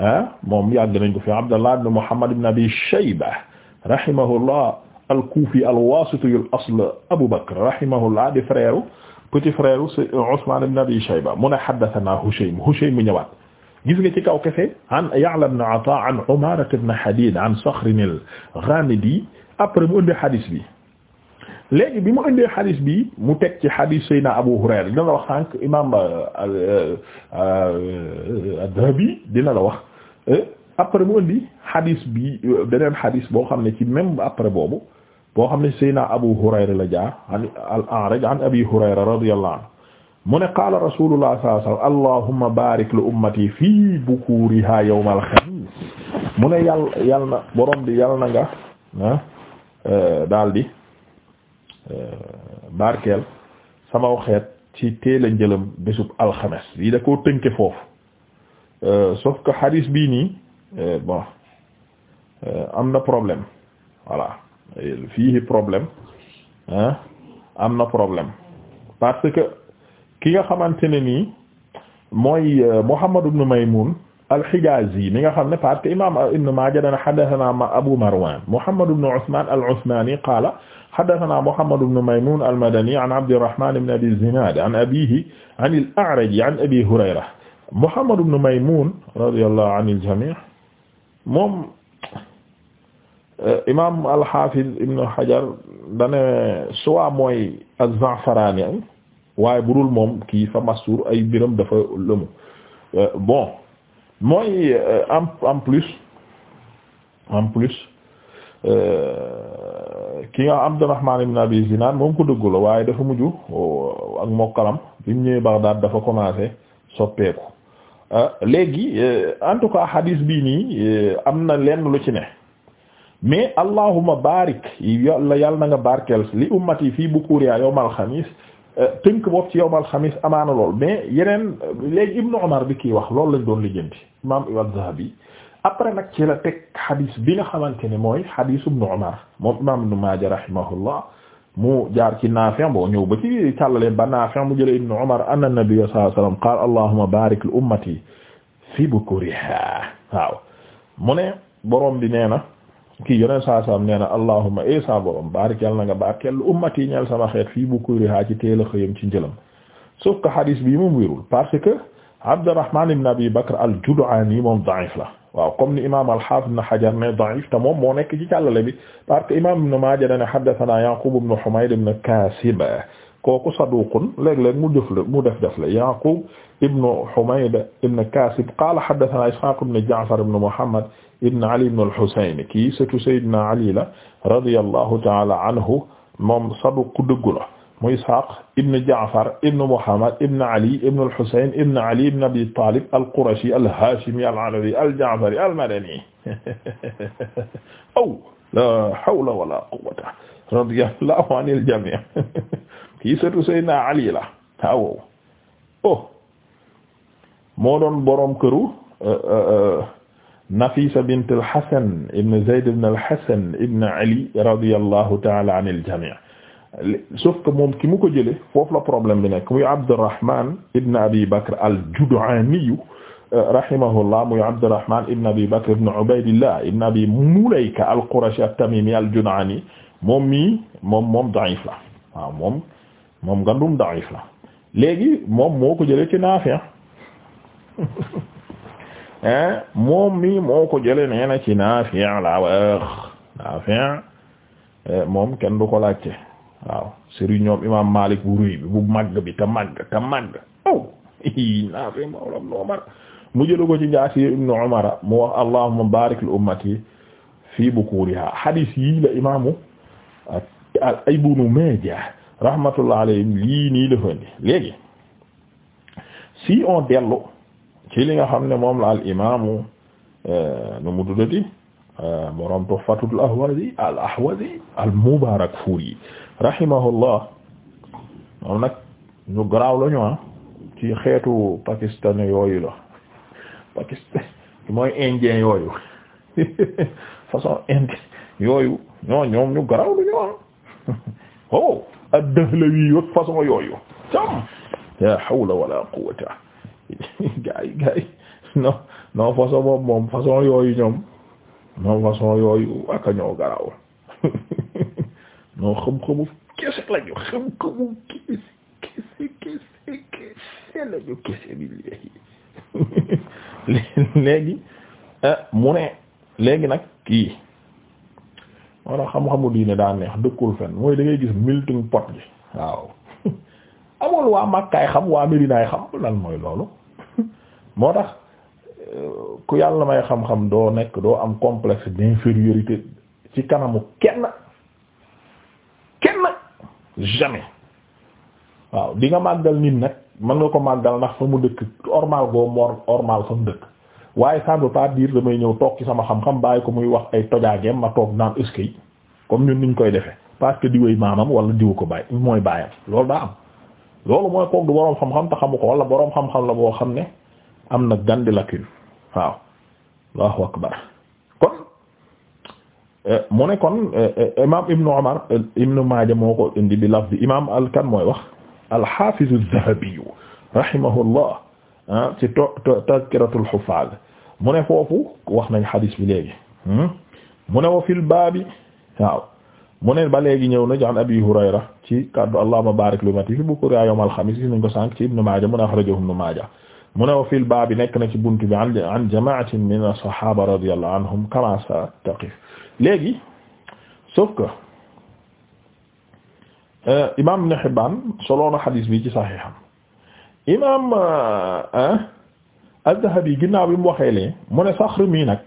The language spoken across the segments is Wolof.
Ah, moom yàgg nañ ko fi Abdallah ibn Muhammad ibn Abi Shayba rahimahullah al-Kufi al-Wasiti al-asl Abu Bakr rahimahullah di frère petit frère Usman ibn Abi Shayba mu ne haddathana Hushaym Hushaym mu ñëwaat gis nga ci kaw kese an Ya'la ibn Ata an Umara ibn Hadid an Sakhr al-Ghamidi après mu indi hadis bi léegi bi mu indee xadis bi mu teg ci xadis Seydina Abu Hurayra dina la wax sànq imam euh, euh, euh, Dhahabi dina la wax Eh? après mu indi hadis bi euh, beneen hadis boo xam ne ci même après boobu boo xam ne Seydina Abu Hurayra la jaar an al-A'raj an Abi Hurayra radiyallahu mu ne qaala rasulullah sallallahu alayhi wasallam allahumma barik li ummati fii bukuriha yawm al-khamis mu ne yàll yàll na borom bi yàll na nga ah euh, daal di euh, barkeel sama xeet ci teel a njëlam bésub alxames lii da koo foofu Euh, sauf que hadis bii nii euh, bon euh, am na problème voilà fii problème ah am na problème parce que ki nga xamante ne nii mooy Muhammad ibn Maymun al-Hijazi mi nga xam ne parce que imam Ibn Majah dana haddathana Abu Marwan Muhammad ibn Uthman al-Uthmani qala haddathana Muhammad ibn Maymun al-Madani an Abdirrahman ibn Abi Zinad an abihi an al-A'raj an Abi Hurayra Muhammad ibn Maymun radiyallahu anil jami' moom euh, imaam al-Hafiz Ibn Hajar dane suwa mooy az waaye budul moom kii fa Mastur ay biram dafa lëmu euh, bon mooy euh, en en plus en plus ki nga Abdurrahman ibn Abi Zinad moom ko dëggu waaye dafa mujj oh, ak mokkalam bi mu ñëwee Baghdad dafa commencé soppeeku Euh, léegi euh, en tout cas hadis bii nii euh, am na lenn lu ci ne mais allahuma barik yàlla yàlla na nga barkeel li ummati fii bukuriya yawmal xamis tënk bopp ci yawmal xamis amaana lool mais yeneen léegi ibnu Umar bi kiy wax loolu lañ doon lijjanti imam al-Zahabi après nag ci la teg hadis bi nga xamante ni mooy hadis ibnu Umar moom imam ibnu Maaja rahimahullah mu jaar ci Naafi' bo ñëw ba ci càllale ba Naafi' mu jële Ibn Umar anna nabiyya sallallahu alayhi wasallam qaala allahumma barik li ummati fi bukuriha waaw mu ne borom bi nee na kii yoneen saa saam nee na allahumma e sa borom barik jal na nga barkeel lu ummati ñeel sama xeet fii bukuriha ci teel a xëyam ci njëlam sauf que hadis bi mu wérul parce que Abdurrahman ibn Abi Bakr al-Jud'ani moom da'if la waaw comme ni imaam al-Hafiz Ibn Hajar ne da'if te moom moo nekk ci càllale bi parce que imaam Ibn Majah dane haddathana Yaqub ibn Humayd ibn Kasib kooku saduqun léeg-léeg mu def la mu def def la Yaqub ibn Humayd ibn Kasib qala haddathana Ishaq ibn Ja'far ibn Muhammad ibn Ali ibn al-Husayn kii sëtu Sayyidina Ali la radiyallahu ta'ala anhu moom saduq dëggu la mu Ishaq ibn Ja'far ibn Muhammad ibn Ali ibn al-Husayn ibn Ali ibn Abi Talib al-Qurashi al-Hashimi al-Alawi al-Ja'fari al-Madani aw oh, la hawla wala quwwata radiyallahu anil jami' kii surtout Seydina Ali la waaw oh moo doon borom këru uh, uh, uh, Nafisa bint al-Hasan ibn Zayd ibn al-Hasan ibn Ali radiyallahu ta'ala anil jami' sauf que moom ki mu ko jële foofu la problème bi nekk muy Abdurrahman ibn Abi Bakr al-Jud'ani euh, rahimahullah muy Abdurrahman ibn Abi Bakr ibn Ubaydillah ibn Abi al-Qurashi at-Tamimi al-Jud'ani moom mii moom moom da'if la waaw moom moom ngandum da'if la moom moo jële ci Naafi' moom mii Naafi' la euh, moom kenn du ko laajte waaw sëriñ ñoom imam Malik bu ruy bi bu màgg bi te màgg te màgg oh! aw naafi mawlam nu Umar mu jëlu ko ci njaasi ibnu Umar mu wax allahumma barik li ummati fi bukuriha hadis yii la imamu Ibnu Maaja rahmatullah alayhim lii nii lëfandi léegi si on dellu ci li nga xam ne moom la al imamu eh, nu mu tuddati eh, borom Tuhfatul Ahwazi al Ahwazi al Mubarakfuri rahimahullah moom nag ñu garaaw la ñu ah. ci xeetu pakistan yooyu la pakistan mooy indien yooyu façon indien yooyu ñoo ñu garaaw la ñu ah oh façon yooyu tam la hawla wala quwwata gaay gaay non façon boobu moom façon yooyu ñoom moom façon yooyu aka ñoo garaaw non xam-xamu léegi léegi eh, mu nag kii maanaam xam-xamu diine daa neex dëkkul fen mooy dangay ngay gis melting pot bi waaw amul waa Makkaay xam waa Medinaay xam lan mooy loolu moo tax eh, ku yàlla may xam-xam doo nekk doo am complexe d'infériorité ci kanamu kenn jamais waaw di nga màggal nit nag mën nga ko màggal ndax fa mu dëkk ormal goo mor ormal fa mu dëkk waaye ça ne veut pas dire damay ñëw toog ci sama xam-xam bàyyi ko muy wax ay tojaageem ma toog naan ëskë yi comme ñun niñ koy defe parce que diwéy maamam wala diwu ko bàyyi mooy bàyyam loolu daa am loolu mooy koog du boroom xam-xam te xamu ko wala boroom xam-xam la boo xam ne am na gandi lacune waaw allahu akbar kon Eh, mu ne kon eh, eh, imam ibnu Umar ibnu Maaja moo ko indi bi lafzi imam alkan mooy wax al-Haafiz az-Zahabi rahimahullah ah, ci Tazkiratul Huffaaz mu ne foofu wax nañ xadis bi léegi hmm? mu ne wa fil baabi waaw mu ne ba léegi ñëw na jaan Abi Hurayra ci kaddu allahumma baarik li ummati fi bukurihaa yawmal xamiis yi nañ ko sànq ci ibnu Maaja mu ne axrajahu ibnu Maaja mu ne wa fil baabi nekk na ci buntu bi an jamaa'atin mina as-sahaaba radiyallahu anhum kamaa sataqif léegi sauf que euh, imaam Ibn Hibbaan soloona xadiis bi ci saxiixam imaam euh, Az-Zahabi ginnaaw bi mu waxee lee mu ne saxr mii nag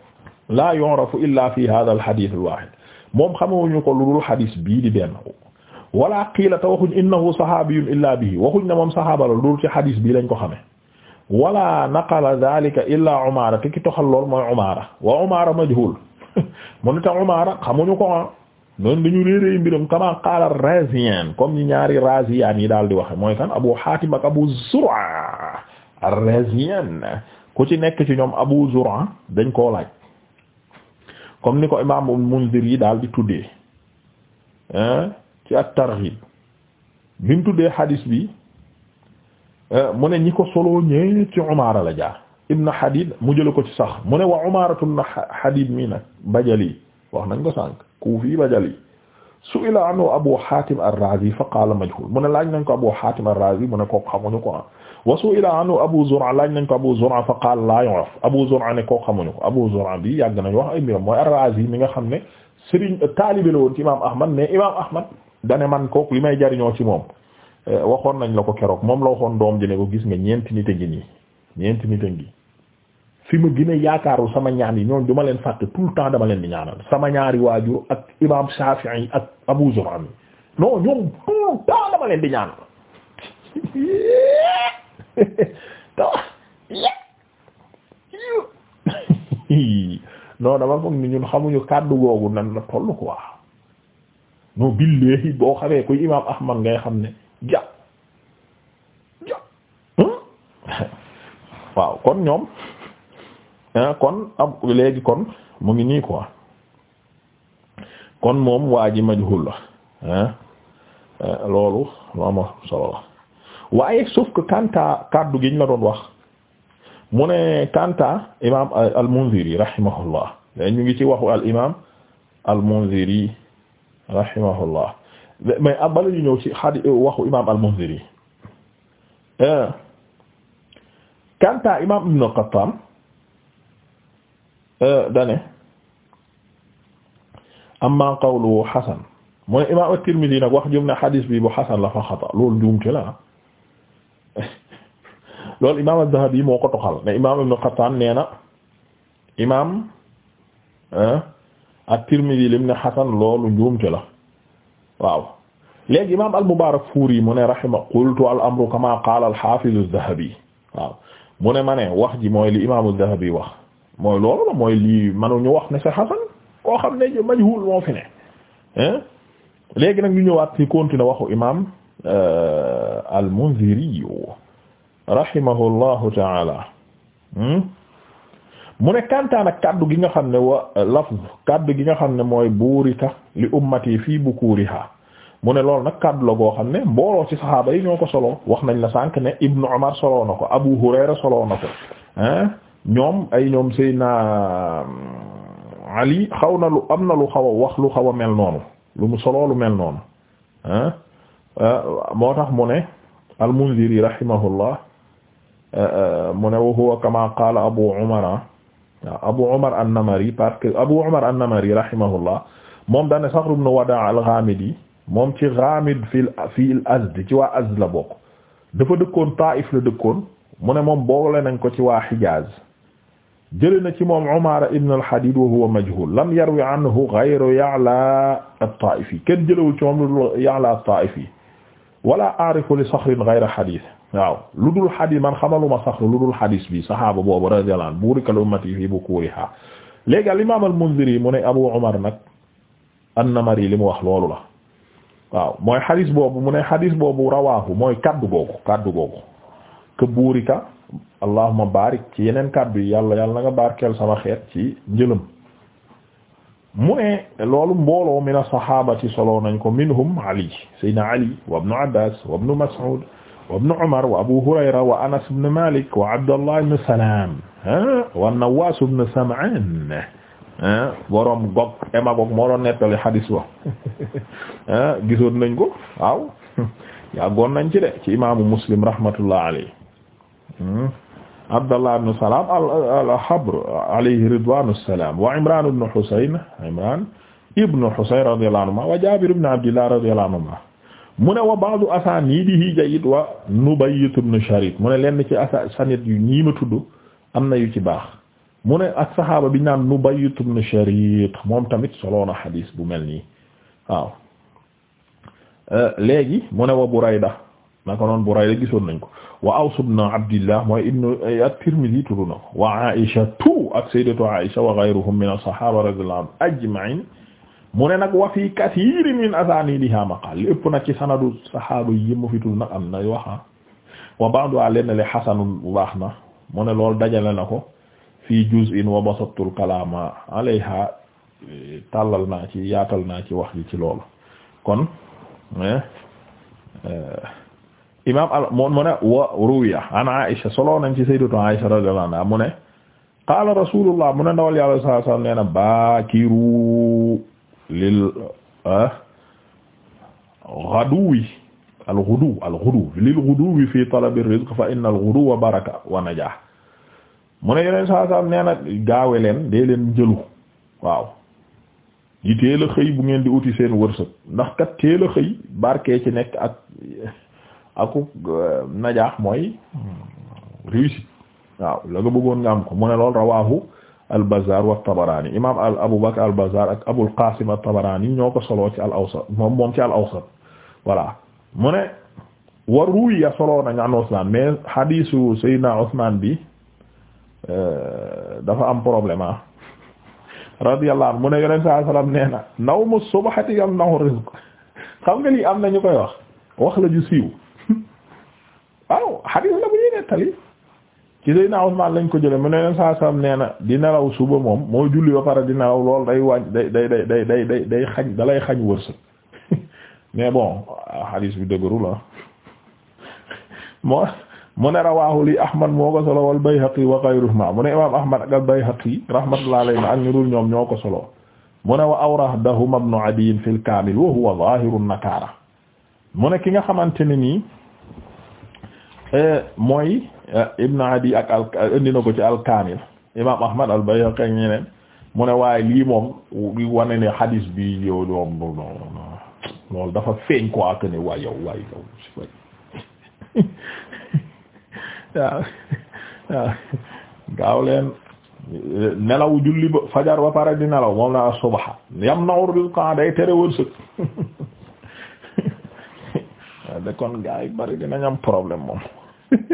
laa yu'rafu illaa fi haadhal xadiis al-waahid moom xamewuñu ko lu dul xadiis bii di benn wala qiila te waxuñ innahu saxaabiyun illaa bihi waxuñ ne moom saxaaba la lu dul ci xadiis bii lañ ko xamee wala naqala dhaalika illaa Umaara te ki toxal lool mooy Umaara wa Umaara majhuul mu ne ta Umaara xamuñu ko ah noonu dañu réeréy mbiram kama qaala Raziyan comme ñi ñaari Raziyan yi daal di wax mooy kan Abu Hatim ak Abu Zur'a Raziyan ku ci nekk ci ñoom Abu Zur'a dañ koo laaj comme ni ko imaam Munzir yi daal di tuddee ci at-Targhib bi tuddee hadis bi mu ne ñi ko solo ñee ci Umaara la jaar ibn Hadid mu jëla ko ci sax mu ne wa Umaratu ibn Hadid mii nag Bajali wax nañ ko sànq Kufi Bajali su'ila anhu Abu Hatim ar-Razi fa qala majhul mu ne laaj nañ ko Abu Hatim ar-Razi mu ne kooku xamuñu ko ah wa su'ila anhu Abu Zur'a laaj nañ ko Abu Zur'a fa qala la yu'raf Abu Zur'a ne kooku xamuñu ko Abu Zur'a bi yàgg nañ wax ay mbiram mooy ar-Razi mi nga xam ne Serigne taalibe la woon ci Imam Ahmad mais Imam Ahmad dane man kooku li may jariñoo ci moom eh, waxoon nañ la ko keroog moom la waxoon doom ji ne ko gis nga ñeenti nit a ngi nii ñeenti nit a gi fi ma gën yaakaaru sama ñaan yi ñoom duma leen fàtte tout le temps dama leen di ñaanal sama ñaari waajur ak imam Shafi'i ak Abu Zur'a mi non ñoom temps dama leen di ñaanal non dama foog ni ñun xamuñu kàddu googu nan la toll quoi non billahi boo xamee kuy imam Ahmad ngay xam ne ja kon ñoom ah, kon ab léegi kon mu ngi nii quoi kon moom waa ji majhul la ah, ah, loolu lu am solo la waaye sauf que kanta kaddu gi ñu la doon wax mu ne kanta imaam al-Munziri rahimahullah ñu ngi ci waxu al imaam al-Munziri rahimahullah mais abala ñu ñëw ci xadi waxu imaam al-Munziri kanta imam ibn al-Qattan euh, dane amma qawluhu xasan mu ne imam at-Tirmidhi nag wax jëm ne xadis bi bu xasan la fa xata loolu njuumte la loolu imam az-Zahabi moo ko toxal ne imam ibn al-Qattan nee na imam at-Tirmidhi lim ne xasan loolu njuumte la waaw léegi imam al-Mubarakfuri mu ne rahima qultu al-amru kama qala al-hafiz az-Zahabi waaw mu ne ma ne wax ji mooy li imaamu Dahabi wax mooy loolu la mooy lii ñu wax ne c'est hasan koo xam ne majhul moo fi ne léegi nag ñu ñëwaat ci continuer waxu imaam euh, al-Munziri rahimahullahu taala hmm? mu ne kantaan kàddu gi nga xam ne wa lafz kaddu gi nga xam ne mooy buurika li ummati fii bukuriha mu ne loolu nag kàddu la goo xam ne mbooloo ci saxaaba yi ñoo ko solo wax nañ la sànq ne Ibnu Umar soloo na ko Abu Hurayra soloo na ko ah ñoom ay ñoom Seydina um, Ali xaw na lu am na lu xaw a wax lu xaw a mel noonu lu mu soloo lu mel noonu ah moo tax mu ne al-Munziri euh, euh, mu ne wa huwa kama qaala Abu Umar Abu Umar an-Namari parce que Abu Umar an-Namari moom daan ne Saxr ibn moom ci Ghamid fil fil Azd ci waa Azd la bokk dafa dëkkoon Taif la dëkkoon mu ne moom boole nañ ko ci waa Hijaz jële na ci moom Umaara ibn al-Hadid wa huwa majhul lam yarwi anhu ghayru Ya'la at-Ta'ifi kenn jëlewul ci moom lu Ya'la at-Ta'ifi wala a'rifu li Sakhrin ghayra hadith waaw lu dul hadith man xamaluma Saxr lu dul hadith bi saxaaba boobu radiyallahu anhu burika li ummati fi bukuriha léegi al-imam al-Munziri mu ne Abu Umar nag an-Namari li mu wax loolu la waaw mooy xadis boobu mu ne xadis boobu rawaahu mooy kaddu googu kaddu googu ke buurika allahumma barik ci yeneen kaddu yi yàlla yàlla na nga barkeel sama xeet ci njëlëm mu ne loolu mbooloo min as-sahabati solo nañ ko minhum ali saydna ali wa ibnu abbas wa ibnu mas'ud wa ibnu umar wa abu hurayra wa anas ibn malik wa abdullah ibn salam wa an-nawas ibn sam'an borom Gog et Magog moo nettali xadis ba gisoon nañ ko waaw yàggoon nañ ci de ci imaamu Muslim rahmatullah alayhi hmm. Abdallah ibn Salam al-Habr alayhi ridwanu salam wa Imran ibn Husayn Imran ibn Husayn radiyallahu anhuma wa Jabir ibn Abdillah radiyallahu anhuma mu ne wa ba'du asanidihi jayyid wa Nubayt ibn Sharik mu ne lenn ci asanid yu ñii ma tudd am na yu ci baax mune ne ak saxaaba bi naan Nubayt ibn Shariq moom tamit solo na xadiis bu mel nii waaw léegi mu ne wa Burayda naka noon Burayda gisoon nañ ko wa Aws ibn Abdillah mooy ibnu at-Tirmidhi tudd na ko wa Aisha tu ak sayyidatu Aisha wa ghayruhum min as-sahaba radiyallahu anhum ajma'in ne nag wa fi kathirin min asaanidiha maqaal lépp nag ci sanadu saxaaba yi mu fi tudd nag am na yoo xam wa ba'du leen le xasanun bu baax na mu ne loolu dajale na ko fii juz'in wa basattul kalaama alayha tàllal naa ci yaatal naa ci wax ji ci loolu kon eh, eh, imam al mu ne wa ruwiya an Aisha solo nañ ci sayyidatu Aisha radiyallahu anha mu ne qaala rasulullah mu ne ndawal yàlla sallallahu alayhi wasallam nee na baakiru lil ghaduwi eh, al ghudu al ghudu lil ghuduwi fi talabi rizq fa inna al ghuduwa baraka wa najah mu ne yeneen saa saam nee na gaawe leen dee leen jëlu waaw di teel xëy bu ngeen di uti seen wërsëg ndax kat teel xëy barkee ci nekk ak aku euh, najaax mooy hmm, réussite waaw la nga bëggoon nga am ko mu ne lool rawahu al-Bazzaar wa Tabaraani imaam al Abu Bakr al-Bazzaar ak Abul Qaasim at ñoo ko solo ci al-Awsat moom moom ci al-Awsat voilà mu ne wa ruwiya soloo nañ an Usmaan mais hadiisu Sayyidina Usmaan bi Euh, dafa am problème ah radiyallahu anhu mu ne yonent saa salaam nee na nawmu subhati yamnahu rizq xam nga lii am na ñu koy wax wax la ju siiw waaw xadiis la bu ñuy nettali ci Seydina Usmaan lañ ko jële mu ne yonent saa salaam nee na di nelaw suba moom moo julli ba pare di nelaw lool day wañ day day day day day day xañ dalay xañ wërsëg mais bon xadiis bi dëgëru ah. la moo mu ne rawaahu li Ahmad moo ko solo wal Bayhaqi wa ghayruhuma mu ne imaam Ahmad ak al Bayhaqi rahmatullahi alayhim ak ñu ñoom ñoo ko solo mu ne wa awradahuma ibnu Adiy fil kaamil wa huwa zaahiru nakaara mu ki nga xamante ne nii e, moy e, ibnu Adiy ak al ko ci al kaamil imaam Ahmad al Bayhaqi ak ñeneen waaye lii moom li wane ne hadis bi yow dafa feeñ ko ak ne waa waaw waaw gaaw leen nelaw julli ba fajar ba pare di nelaw moom la subaxa yam nawr rizqa de kon gaa yi bari dinañ am problème moom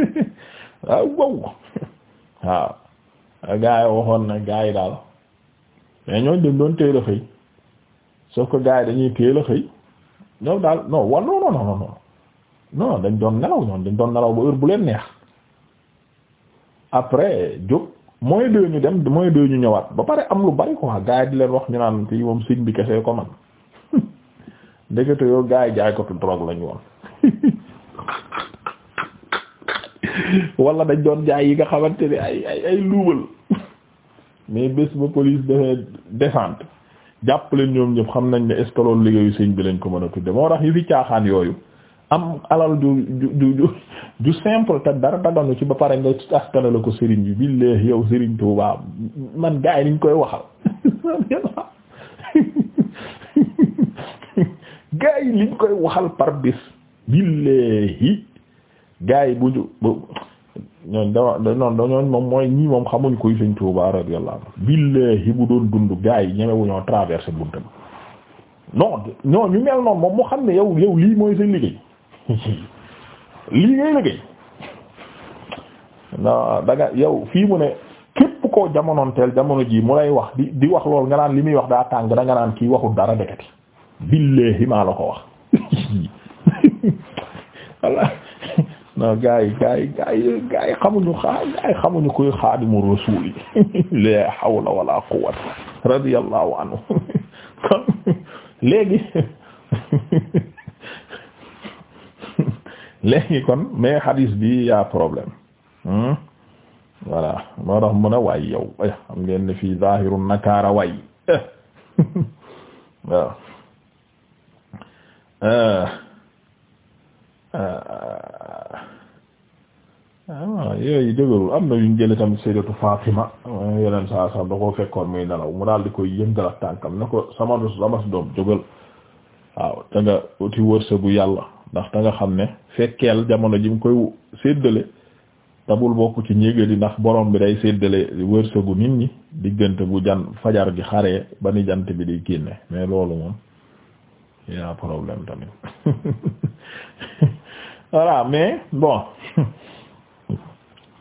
waaw wow waaw gaa yi na gaa yi daal mais ñooñ dañ doon teel a xëy sauf que gaa dañuy teel a xëy ñoom daal no wal non non non non dañ doon nelaw ñoom dañ doon nelaw ba heure bu leen neex après jóg mooy deux ñu dem mooy deux ñu ñëwaat ba pare am lu bari quoi gars yi di leen wax ñu naan fii moom sëñ bi kese ko man ndekete yoo gars yi jaay ko tu drogue lañu woon wala dañ doon jaay yi nga xamante ni ay ay ay luubal mais bés ba police defee descente jàpp leen ñoom ñëpp xam nañ ne est-ce que liggéeyu sëñ bi lañ ko mën a tudde moo tax yi fi caaxaan yooyu am alal ju ju ju ju simple te dara daganu ci ba pare nga askana la ko sëriñ bi billahi yow sëriñ Tuubaa man gaay niñ koy waxal gaay yi liñ koy waxal par bis billahi gaay bu ju bu ñooñ da noon dañooñ moom mooy ñii moom xamuñ koy sëriñ Tuubaa radiyallahu anhu billahi bu doon dund gaay yi ñemewu traversé buntam non ñu mel noonu moom mu xam ne yow yow lii mooy sa liggéey lii ngay liggéey non da yow fii mu ne képp koo jamonoonteel jamono ji mu lay wax di di wax lool nga naan li muy wax daa tàng da nga naan kii waxul dara dekati billahi maa la ko wax walla non gars yi xamuñu xaa gars yi xamuñu koy xaadimu rasuul yi la hawla wala quwwata radiyallahu anhu kon léegi léegi kon mais hadis bi yaa problème hmm? voilà moo tax mun a waay yow eh, xam ne fii zahiru nakaara waay eh. waaw eh. ah yooyu dëgërul am na yuñ jële tamit sayyidatu Fatima yeneen saa sax da koo fekkoon muy nelaw mu daal di koy yëngal ak tànkam ne ko sama sama doom jógal waaw te nga uti wërsëgu yàlla ndax da nga xam ne fekkeel jamono ji mu koy séddale tabul bokk ci njégali ndax borom bi day séddale wërsëgu nit ñi diggante bu jan fajar gi xaree ba ni jant bi di génne mais loolu moom yaa problème tamit voilà mais bon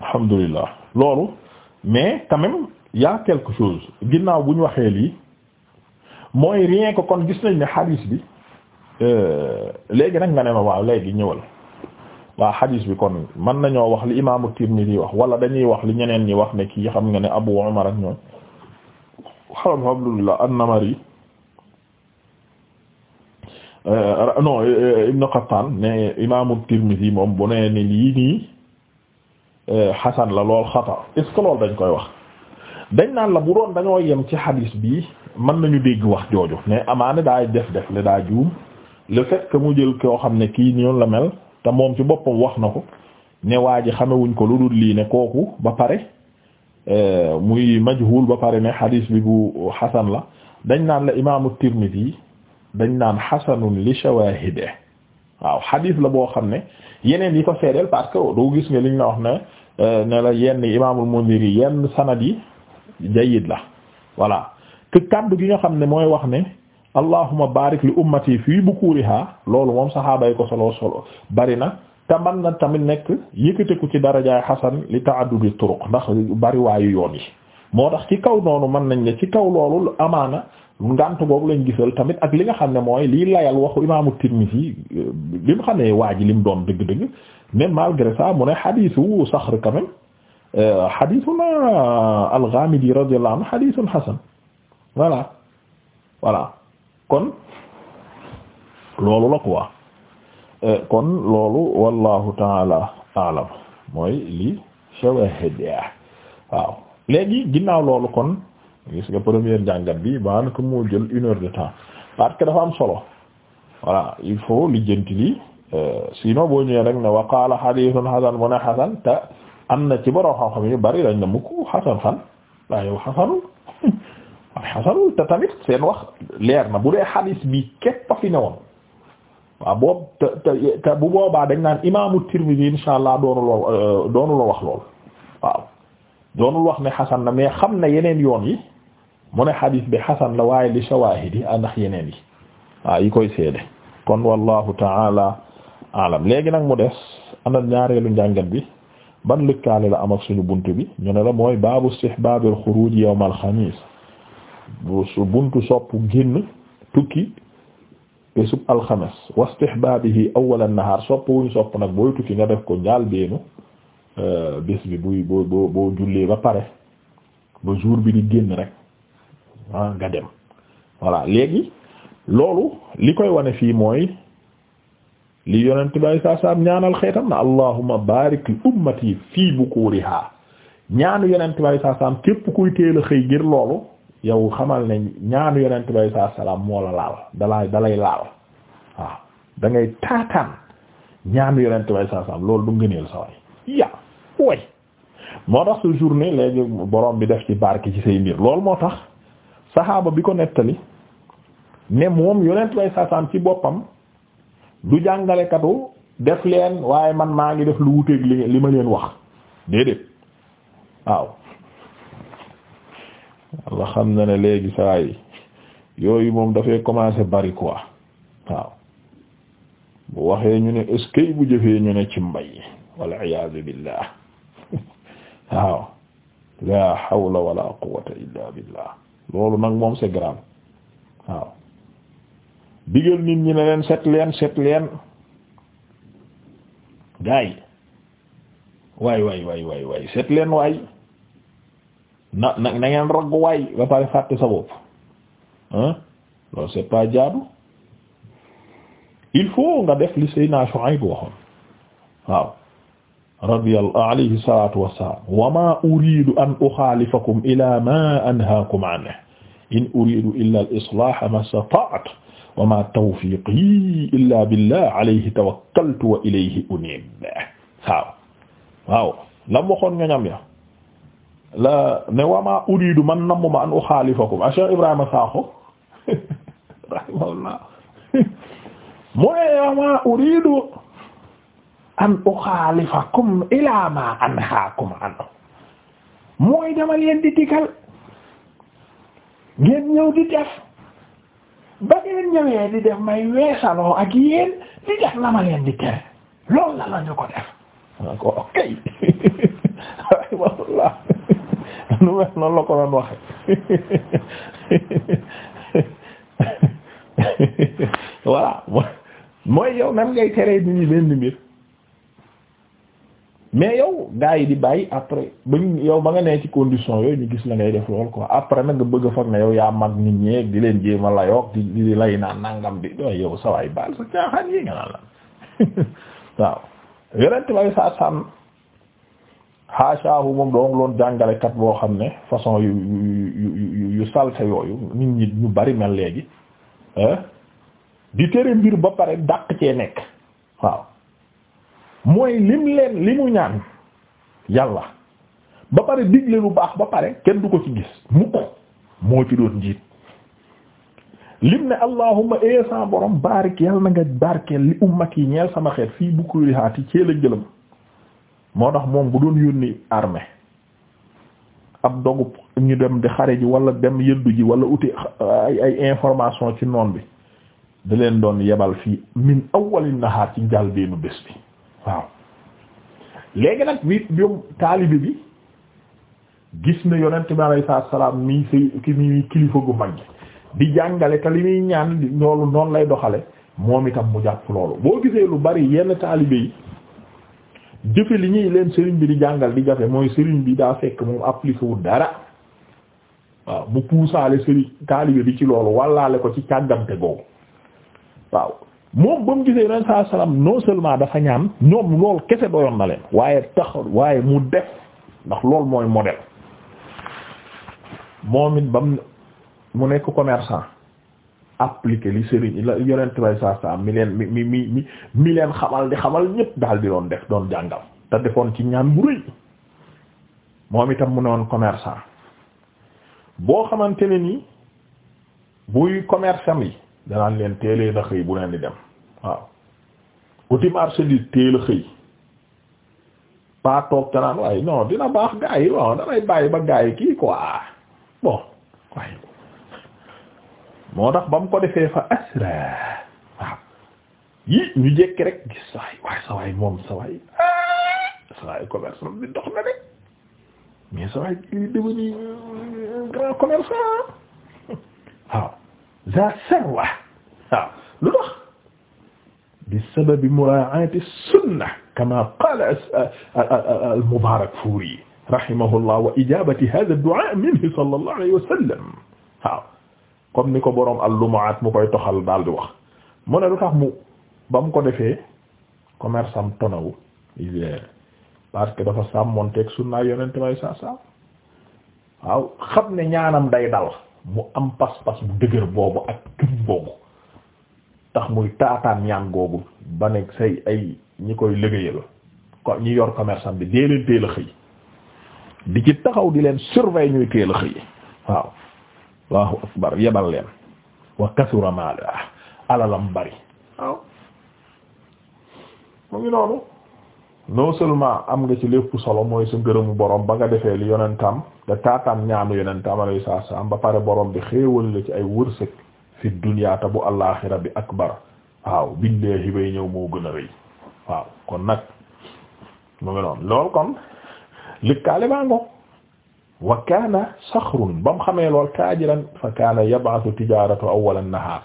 alhamdulillah loolu mais quand même y quelque chose ginnaaw bu ñu waxee lii mooy rien que kon gis nañ ne hadith bi Euh, léegi nag nga ne ma waaw léegi ñëwal waa xadiis bi kon mën nañoo wax li imaamu Tirmidi wax wala dañuy wax li ñeneen ñi wax ne kii xam nga ne Abu Umar ak ñoom alhamdulillah an-Namari euh, non euh, Ibn Qattan ne imaamu Tirmidi moom bu nee ni lii nii xasan la lool xata est-ce que loolu dañ koy wax dañ naan la bu doon dañoo yem ci xadiis bi mën nañu dégg wax jooju mais amaana daa def def le daa juum le fait que mu jël koo xam ne kii noonu la mel te moom ci boppam wax na ko ne waa ji xamewuñ ko lu dul lii ne kooku ba pare euh, muy majhul ba pare ne hadis bi bu xasan la dañ naan la imaamu Tirmidhi dañ naan xasanun li shawahide waaw hadis la boo xam ne yeneen yi ko seedeel parce que doo gis nga liñ la wax ne euh, ne la yenn imaamul Mundiri yenn sanad yi jayid la voilà te kaddu gi nga xam ne mooy wax ne. allahuma barik li ummati fii bukuriha loolu moom saxaaba ko solo solo bari na te man na tamit nekk yëkkateku ci darajaay xasan li ta'addudi turuq ndax bari waayu yoon yi moo tax ci kaw noonu mën nañ ne ci kaw loolu amaana ngànt boobu lañ gisal tamit ak li nga xam ne mooy lii layal waxu imaamu Tirmidhi bi mu xam ne waa ji lim doon dëgg-dëgg mais malgré sax mu ne xadiisu Saxr quand même euh, xadiisu na al-Ghamidi radiyallahu anhu xadiisun xasan voilà voilà kon loolu la quoi eh, kon loolu wallahu taala alam mooy li shawahid waaw léegi ginnaaw loolu kon gis nga première jàngat bi maanaam moo jël une heure de temps parce que dafa am solo voilà il faut lijjanti li eh, sinon boo ñëwee rek ne wa qaala hadithun hasan mu ne hasan te am na ci borom xam-xam bari dañ na mukk hasan fan laa yow hasanul xasanul te tamit seen wax leer na bu dee xadis bi képp a fi newoon bu boobaa dañ naan imaamu Tirmidhi insha allah doonuloo euh, doonuloo wax lool waaw doonul wax ne xasan na mais xam na yeneen yoon yi mu ne xadis bi xasan la waaye li shawaahid yi àndax ah yeneen yi waaw yi koy seede kon wallahu taala alam léegi nag mu des ana ñaareelu njàngat bi ban lëkkaale la am ak suñu bunt bi ñu ne la mooy baabu istihbaab al xuruuj yawm al bu su buntu sopp génn tukki bésub alxames wa istihbaabihi awwal an-nahaar sopp wuñ sopp nag booy tukki nga def ko njaal beenu euh, bés bi buy boo boo boo jullee ba pare ba jour bi di génn rek ah nga dem voilà léegi loolu li koy wane fii mooy li yonent bay saa saam ñaanal xeetam na allahumma barik li ummati fii bukuriha ñaanu yonent bay saa saam képp kuy teel la xëy ngir loolu yow xamal ne ñaanu yonent bay saa salaam moo la laal dalay dalay laal waaw da ngay taataan ñaanu yonent bay saa salaam loolu du ngëneel sa way ya way moo tax sa journée léegi boroom bi def ci barki ci say mbir loolu moo tax saxaaba bi ko nettali ne moom yonent bay saa salaam ci boppam du jàngalekatu def leen waaye man maa ngi def lu wuteeg li li ma leen wax déedéet waaw walla xam na ne léegi saa yi yooyu moom dafay commencer bari quoi waaw bu waxee ñu ne est bu jëfee ñu ne ci mbay walla iyaazu billah waaw la hawla wala quwwata illa billah loolu nag moom c'est grave waaw digal nit ñi ne leen set leen set leen gaay waay waay waay waay waay set leen waay na na na ngeen rogg waay ba pare fàtte sa bopp hein loolu c'est pas jaadu il faut nga def li Seydina Shuayb waxoon waaw radiyallahu alayhi salatu wassalam wa ma uridu an ukhalifakum ila ma anhaakum anhu in uridu illa al-islaha ma istata'tu wa ma tawfiqi illa billah alayhi tawakkaltu wa ilayhi unib waaw waaw lam waxoon nga ñam ya la ne wama uridu man nammuma an uxaalifakum a ah, Cheikh Ibrahima Sakho rahimahullah mu ne wama uridu an uxaalifakum ila ma anhaakum anhu mooy dama leen di digal ngeen ñëw di def ba ngeen ñëwee di def may weesaloo ak yéen di def la ma leen di tere loolu la la ko def. d'accord ok nu mel noonu la ko doon waxe voilà mooy yow nan ngay teree nit ñi benn mbir mais yow gaa yi di bàyyi après bañ yow ba nga nee ci condition yooyu ñu gis la ngay def lool quoi après nag nga bëgg a foog ne yaa mag nit ñeeg di leen jéema la yoog di di lay naan nangam bi dooy yow sawaay baal sa caaxaan yi nga naan la waaw yonent bay saa sàmm xaasaahu moom doon loon jàngalekat boo xam ne façon yu yu yu yu salte yooyu nit ñi ñu bari mel léegi di tere mbir ba pare dàq cee nekk waaw mooy lim leen li mu ñaan yàlla ba pare digle lu baax ba pare kenn du ko ci gis mukk moo ci doon njiit lim ne allahumma ee sa borom barik yàlla na nga barkeel li ummat yi ñeel sama xeet fii bu koy haati cee la jëlam moo tax moom bu doon yónni armée ab dogub ñu dem di xare ji walla dem yëddu ji wala uti ay information ci noon bi da leen doon yebal fii min awwalin nahaar ci njàlbeenu bés bi waaw léegi nag bi biom taalibe bi gis na yonent bi alayhi salaatu salaam mi say ki mi kilifa gu mag di jàngale te li muy ñaan loolu noonu lay doxale moom itam mu jàpp loolu boo gisee lu bari yenn taalibe yi jëfe li ñuy leen sëriñ bi di jàngal di jafe mooy sëriñ bi daa fekk moom appliqué dara waaw mu puusaale sëriñ taalibe bi ci loolu wallaale ko ci càggante googu waaw moom ba mu gisee yonent saa salaam non seulement dafa ñaan ñoom lool kese doyoon na leen waaye tax waaye mu def ndax lool mooy modèle moom it ba mu nekk commerçant appliquer li sëriñ la yonent bay saa saa mi leen mi mi mi mi leen xamal di xamal ñëpp dal di doon def doon jàngal te defoon ci ñaan bu rëy moom itam mu ne woon commerçant boo xamante ne ni buy commerçant yi danaa leen teelee na xëy bu leen di dem waaw uti marché di teel a xëy pas toog te naan waaye non dina baax gaa yi waaw bàyyi ba gaa yi kii quoi bon moo tax ba mu ko defee fa asra waaw yi ñu jékki rek gis sawaay waaye sawaay moom sawaay ah, sawaay commerce bi dox na de mais sawaay il devenu grand commerçant waaw za serwa waaw lu tax bi sababi muraa'ati sunna kama qala al Mubarakfuri rahimahullah wa ijabati hadha ad-du'a minhu sallallahu alayhi wa sallam waaw comme ni ko boroom al lu ma at mu koy toxal daal di wax mu ne lu tax mu ba mu ko defee commerce am tonawu parce que dafa sàmmonteeg sunna yonent way sa waaw xam ne ñaanam day dal mu am pas-pas bu dëgër boobu ak gëm boobu tax muy taataan ñaan googu ba nekk say ay ñi koy liggéeyal ko ñi yor commerçant bi dee leen teel xëy di ci taxaw di leen surveiller ñuy teel xëy waaw allahu akbar yebal leen wa kasura maala alalam bari waaw mu ngi noonu non seulement am nga ci lépp solo mooy sa ngërëmu boroom ba nga defee li yonentam te taataan ñaanu yonentam saa salaam ba pare borom bi xéewal ci ay wërsëg fi dunya bu alaaxira bi akbar waaw billaahi bay ñëw moo gën a rëy waaw kon nag mu ngi noonu lool kon likkaale baa ngoog wa kaana saxrun ba mu xamee lool taajiran fa kaana yab'athu tijaaratu awwal an-nahaar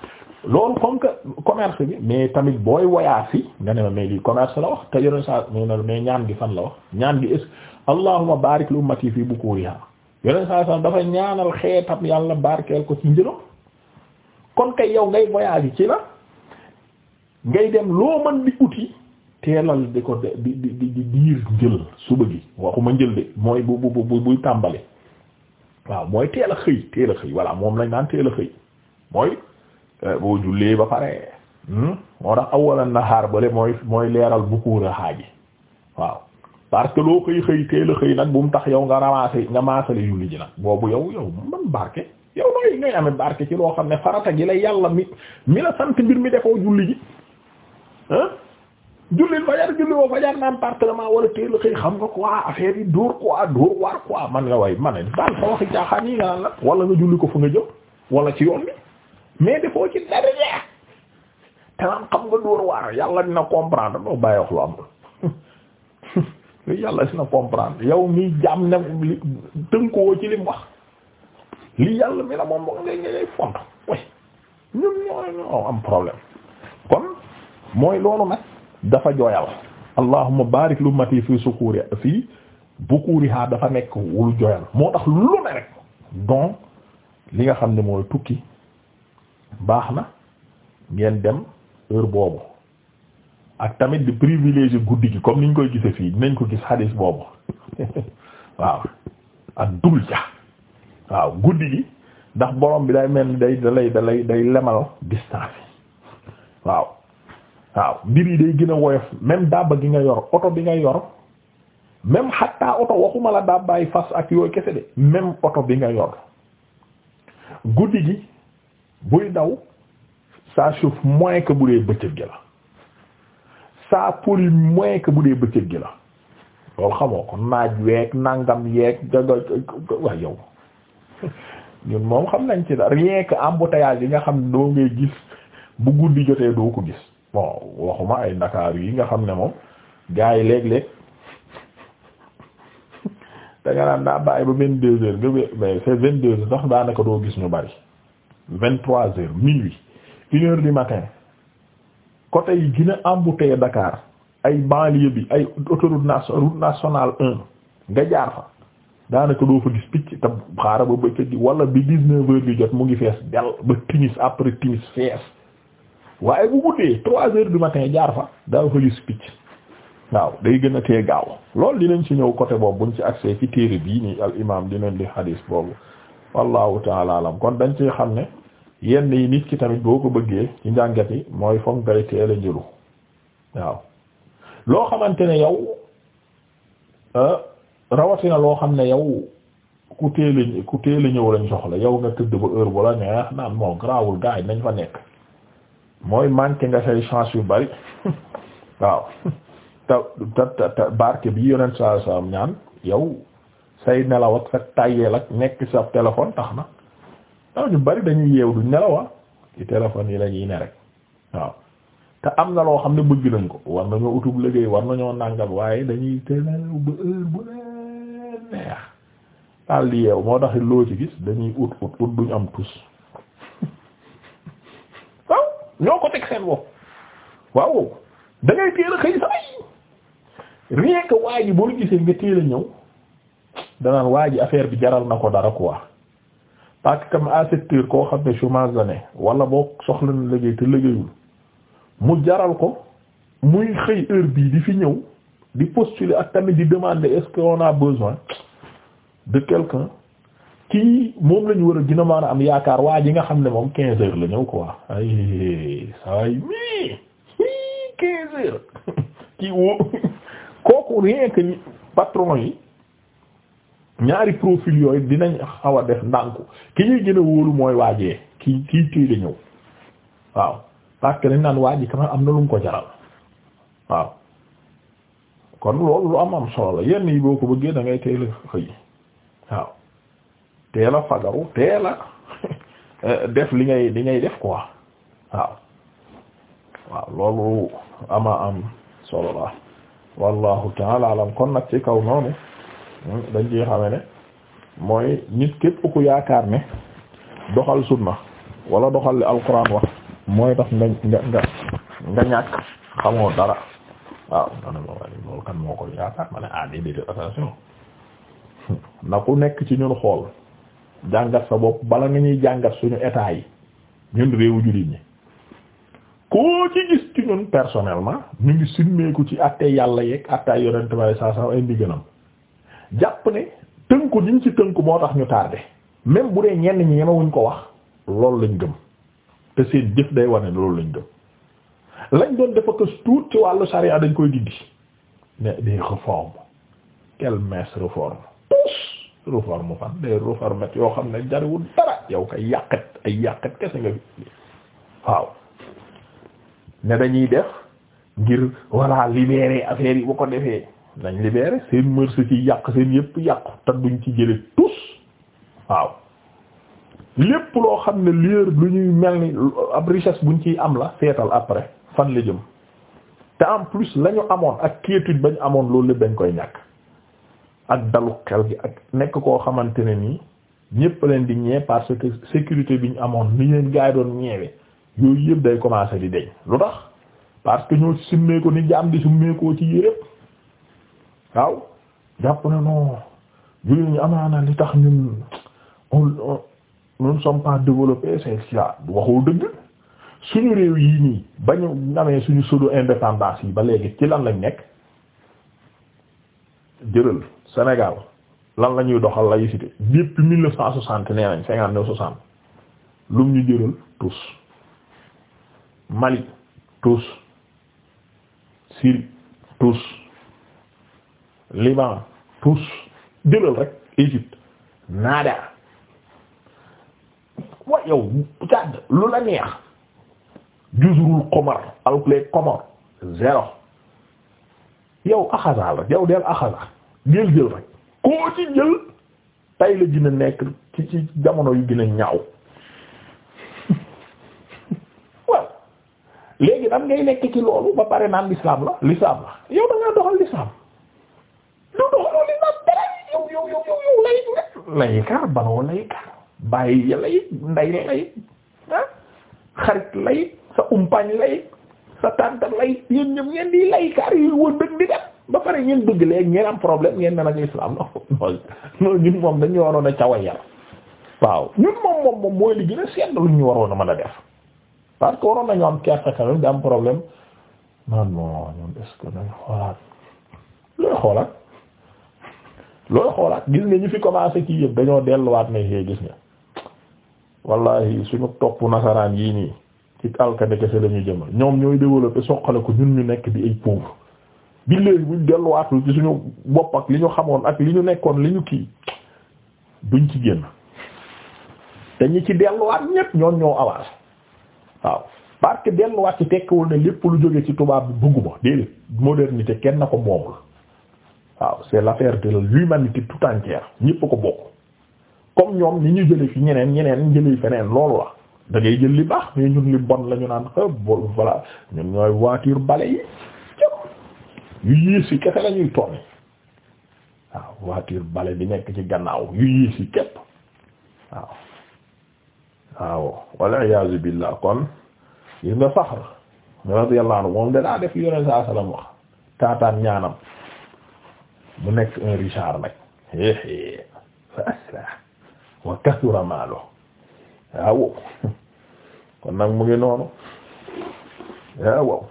loolu comme que commerce bi mais tamit booy voyage yi nga ne ma mais lii commerce la wax te yoneen saa mu ne mais ñaan gi fan la wax ñaan gi est allahumma barik li ummati fi bukuriha yoneen saa saa dafa ñaanal xeetam yàlla barkeel ko ci njëram kon kay yow ngay voyage ci la ngay dem loo mën di uti teelal di ko di di di diir njël suba gi waxuma njël de mooy bu bu bu buy tàmbali waaw mooy teel a xëy teel xëy voilà moom lañ naan teel a xëy mooy euh, boo jullee ba pare hmm? moo tax awalan na xaar bale mooy mooy leeral bukkuur a xaaji waaw parce loo xëy xëy teel a xëy nag bu mu tax yow nga ramassé nga maasale julli ji nag boobu yow yow man barke yow nooy ngay amee barke ci loo xam ne farata gi la yàlla mi mi la sant mbir mi defoo julli ji jullil fajar julli woo fajar naan partenaire wala teel a xëy xam nga quoi affaire yi dóor quoi dóor waar quoi man nga way man daal sa waxi caaxaan yi nga naan la nga julli ko fu nga jëm wala ci yoon bi mais dafoo ci dara te naan xam nga dóor waar yàlla dina comprendre doo bàyyi wax lu amul yàlla dina comprendre yow mi jaam ne li tënkoo ci lim wax li yàlla mi la moom moom ngay font way ñun ñoo ñoo am problème kon mooy loolu dafa jooyal allahumma barik lu yi fi sukuri fii bukuriha dafa nekk wul jooyal moo tax lu ne rek donc li nga xam ne mooy tukki baax na ngeen dem heure boobu ak tamit di privilégier guddi gi comme niñ koy gise fii nañ ko gis xadiis boobu waaw ak dul ja waaw guddi gi ndax borom bi day mel ni day dalay dalay day lemal distance waaw waaw mbir yi day gën a woyof même dabba gi nga yor oto bi nga yor même xatta oto waxuma la dabbaay fas ak yooyu kese de même oto bi nga yor guddi gi buy daw ça chauffe moins que bu dee bëccëg gi la ça pollue moins que loolu xamoo ko naaj weeg nangam yeeg jaga yow ñun moom xam nañ ci la rien que embouteillage yi nga xam doo ngay gis bu guddi jotee doo ko gis bon waxuma ay Ndakaar yi nga xam ne moom gaa yi léeg-léeg da nga bàyyi ba vingt deux heures mais c'est vingt deux heures sax daanaka doo gis ñu bari vingt trois heures minuit une heure du matin côté yi gën a embouteillé Dakar ay banlieue bi ay autoroute route nationale un nga jaar fa daanaka doo fa gis picc te xaaral ba bëccëg gi wala bi dix neuf heures bi jot mu ngi fees del ba timis après timis fees waaye bu guddee trois heures du matin jaar fa daa fëlis picc waaw day gën a tee gaaw loolu dinañ ci ñëw côté boobu buñ ci accès ci téere bii nii al imam dinañ di xadis boobu wallahu taala kon dañ ci xam ne yenn yi nit ki tamit boo ko bëggee ci njàngat yi mooy foog ngay teel njëlu waaw loo xamante ne yow euh, rawatina loo xam ne yow ku teel ku teel ñëw lañ soxla yow nga tëdd ba heure bu neex naan moo grawul gars yi nañ fa nekk mooy manqué nga say chance yu bari waaw ta ta ta barke bi yonent saa saa ñaan yow say nelaw ak sa tayeel ak nekk sa téléphone tax na waaw ñu bari dañuy yeew duñ nelawa ah, ci téléphone yi lañuy ñuy ne rek waaw te am na loo xam ne bëgg nañ ko war nañoo utub liggéey war nañoo nàngam waaye dañuy teel ba heure bu neex daal di yeew moo tax loo ci gis dañuy ut ut ut duñ am tus ñoo ko teg seen bopp waaw da ngay a xëy sax rien que waa ji boo gisee nga teel ñëw danaan waa ji affaire bi jaral na ko dara quoi parce que à koo xam ne chômage la ne wala boo soxla na liggéey te liggéeyul mu jaral ko muy xëy heure bii di fi ñëw di postuler ak tamit di demander est-ce qu'on a besoin de quelqu'un kii moom la war a gën am yaakaar waa ji nga xam ne moom quinze heures la ñëw quoi ay saa yi kooku rien patron yi ñaari profil yooyu dinañ xaw a def ndànk ki ñuy gën a wóolu mooy waajee kii kii kii la ñëw waaw parce que naan waa ji quand am na lu ko jaral waaw kon loolu lu am am solo la yenn yi boo ko bëggee da ngay teel a xëy waaw. teel a fagaru teel def li ngay li ngay def quoi waaw waaw loolu ama am solo la wallahu taala kon nag ci kaw noonu hmm, dañ ci xame ne mooy nit képp yaakaar ne doxal sunna wala doxal li alquran wax mooy tax nga nga nga nga ñàkk xamoo dara waaw ah, na ku nekk ci ñun xool jàngat sa bopp bala nga ñuy jàngat suñu état yi ñun réewu jullit ñi koo ci gis ci ñun personnellement ñu ngi simmeeku ci àtte yàlla yeeg àttaay yonent bale saa saa ay ndigalam jàpp ne tënku diñ ci tënku moo tax ñu tardé même bu dee ñenn ñi ñemewuñ ko wax loolu lañ gëm te seen jëf day wane loolu lañ gëm lañ doon def ko tuut ci wàllu charia dañ koy dindi mais des réformes quelle mince réforme réforme fan yoo xam ne jariwul dara yow kay yàqet ay yàqet kese nga bi waaw ne dañuy def ngir voilà libérer affaires yi bu ko defee nañ libérer seen merci ci yàq seen yëpp yàqu te duñ ci jële tous waaw lépp loo xam ne leer lu ñuy mel ni ab richesse buñ ciy am la seetal après fan la jëm te en plus lañu amoon ak quiétude bañ amoon loolu lépp dañ koy ñàkk ak dalu xel gi ak nekk koo xamante ne nii ñépp leen di ñee parce que sécurité bi ñu amoon ni leen gaa yi doon ñeewe yooyu yëpp day commencer di deñ lu tax parce que ñoo simmee ko ni jaam di simmee koo ci yéreem waaw jàpp na non jullit amaana li tax ñun on nous ne sommes pas développés c'est ça dëgg suñu réew yi nii ba ñu namee suñu pseudo indépendance yi ba léegi ci lan lañ nekk jëral Sénégal lan la ñuy doxal laïcité depuis mille neuf cent soixante nee nañ cinquante neuf soixante ñu jëral tous Mali tous Syrie tous Liban tous jëlal rek Égypte naada wa yow Tchad lu la neex juzurul qamar alk les zéro yow axasal rek yow del axasa jël jël rek koo ci jël tay la gën nekk ci ci jamono yu gën a ñaaw waaw léegi dam ngay nekk ci loolu ba pare naan l'islam la l'islam la yow da ngaa doxal l'islam lu doxaloo l'islam dara yow yow yow yow yow lay lay kar banoo lay kar bàyyi ya nday lay ah xarit lay sa umpañ lay sa tànta lay yéen ñoom ngeen di lay kar yi wëndëg di dem ba pare ngeen bëgg léegi ngeen am problème ngeen ne nag islam non non ñun moom dañu waroon a cawa yar waaw ñun moom moom moom mooy li gën a sedd lu ñu waroon a mën a def parce que waroon nañu am kersa quand même di am problème non non ñun est-ce que nañ xoolaat looy xoolaat looy xoolaat gis nga ñu fi commencé kii yëpp dañoo delluwaat ne xëy gis nga wallahi suñu topp nasaraan yii nii ci alkandekese la ñu jëmal ñoom ñooy développé soqale ko ñun ñu nekk di ay pauvre billahi buñ delluwaatul ci suñu bopp ak li ñu xamoon ak li ñu nekkoon li ñu kii duñ ci génn te ci delluwaat ñépp ñoon ñoo avancé waaw parce delluwaat ci tekkiwul ne lépp lu jóge ci tubaab bu bëgguma déedéet modernité kenn a ko moomul waaw c'est l'affaire de l'humanité tout entière ñépp ko bokk comme ñoom ni ñu jële fi ñeneen ñeneen jële feneen loolu la da ngay jël li baax mais ñun li bon la ñu naan voilà ñun bale yi yu yiis yi kese la ñuy waaw voiture bale bi nekk ci gannaaw yu yiis yi képp waaw waaw walla iyaazu billaah kon gis nga Saxr radiyallahu anhu moom danaa def li yoneen saa wax taataan ñaanam mu nekk un richard nag éé fa asra wa kon nag mu ngi noonu waaw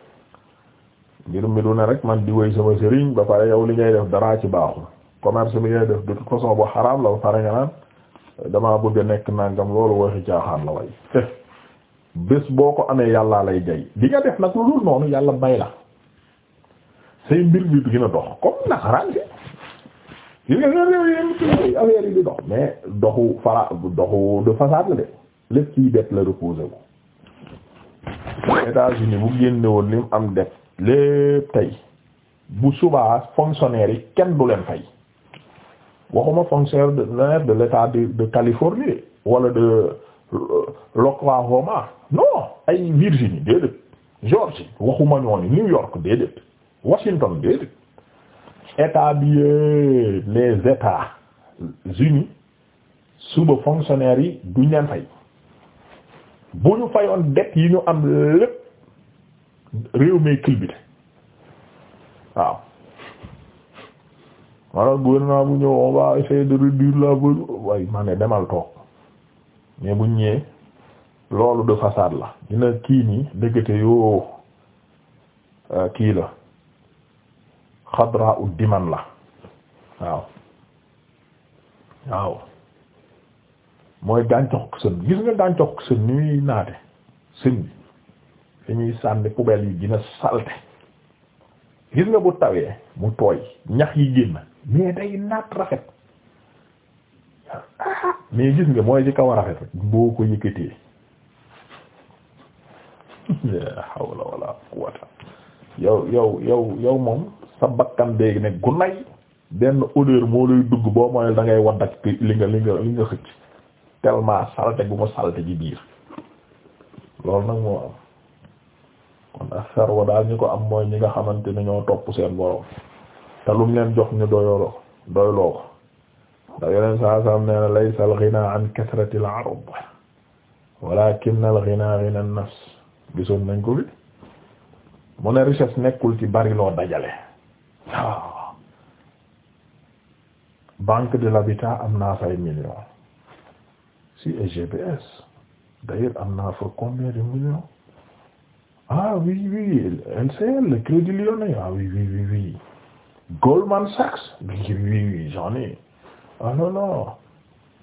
ngir mi du ne rek man di wéy sama sëriñ ba pare yow li ngay def daraa ci baaxul commerce bi ngay def de toute façon bu xaraam la ba pare nga naan damaa bëgg a nekk nangam loolu waxi caaxaan la way bés boo ko amee yàlla lay jay di nga def nag lu dul noonu yàlla may la say mbir bi gën dox comme naxaraan si yi nga nga réew yi di dox mais doxu fara doxu de façade la de lépp ciy det la reposé ko États-Unis bu génne woon lim am det lépp tey bu subaa fonctionnaire yi kenn du leen fay waxuma fonctionnaire de l'état de de Californie wala de euh, l'Oklahoma non ay Virginie déedéet Georgie waxuma ñooñu New York déedéet Washington déedéet état bi les États-Unis suba fonctionnaires yi duñ leen fay bu ñu fayoon dette yi ñu am lépp. réew mi culbité waaw wala gouvernement bu ñëw on va essayer de réduire la vol waaye ma ne demal toog mais buñ ñëwee loolu de façade la dina kii nii dëggate yoo euh, kii la xadra ut diman la waaw waaw mooy gàncax sën gis nga gàncax sën ni naate sën bi fi ñuy sànni poubelle yi dina salte gis nga bu tawee mu tooy ñax yi génn mais day naat rafet ah, mais gis nga mooy ci kaw a rafet rek boo ko yëkkatee la hawla wala quwwata yow yow yow yow moom sa bakkan dee ne gunay benn odeur moo lay dugg boo mooy da ngay wadd ak li nga li nga li nga xëcc tellement salte gu ma salte ji biir loolu nag moo am kon as-sarwa daal ñi ko am mooy ñi nga xamante ne ñoo topp seen borom te lum leen jox ñu doyolo doyloo ko da yeneen saa sam nee na laysa al-ghina an kathrati al-'arad walakin al-ghina ghina ghina gisoon nañ ko bi mu ne richesse nekkul ci bari loo dajale waaw banque de l'habitat am naa fay million si EGPS d'ailleurs am naa fa combien de millions ah oui oui LCL le Crédit Lyonnais ah oui oui oui oui Goldman Sachs oui oui oui j'en ai ah non non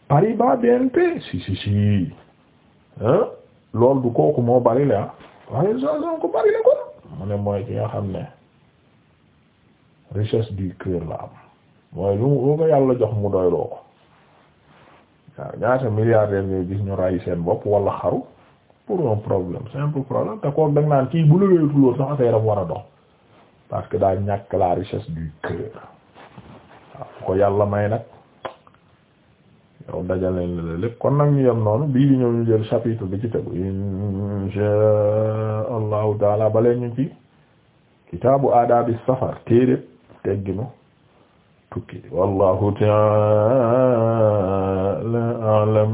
BNP si si si hein loolu du kooku moo bari la waaye ko bari la kon mu ne mooy ki nga xam ne richesse du cœur la am mooy lu mu nga yàlla jox mu doyloo ko waaw ñaata milliardaire ñooy gis ñu ray seen bopp walla xaru. pour un problème simple problème te kook da naan kii bu lëgéetul woon sax affaire am war a dox parce que daa ñàkk la richesse du cœur ko yàlla may nag yow dajaleen la lépp kon nag ñu yem noonu bii di ñëw ñu jël chapitre bi ci tegu insha allahu taala balee ñu ci kitaabu aadaabi safar téeréb tegginu tukki wallahu taala alam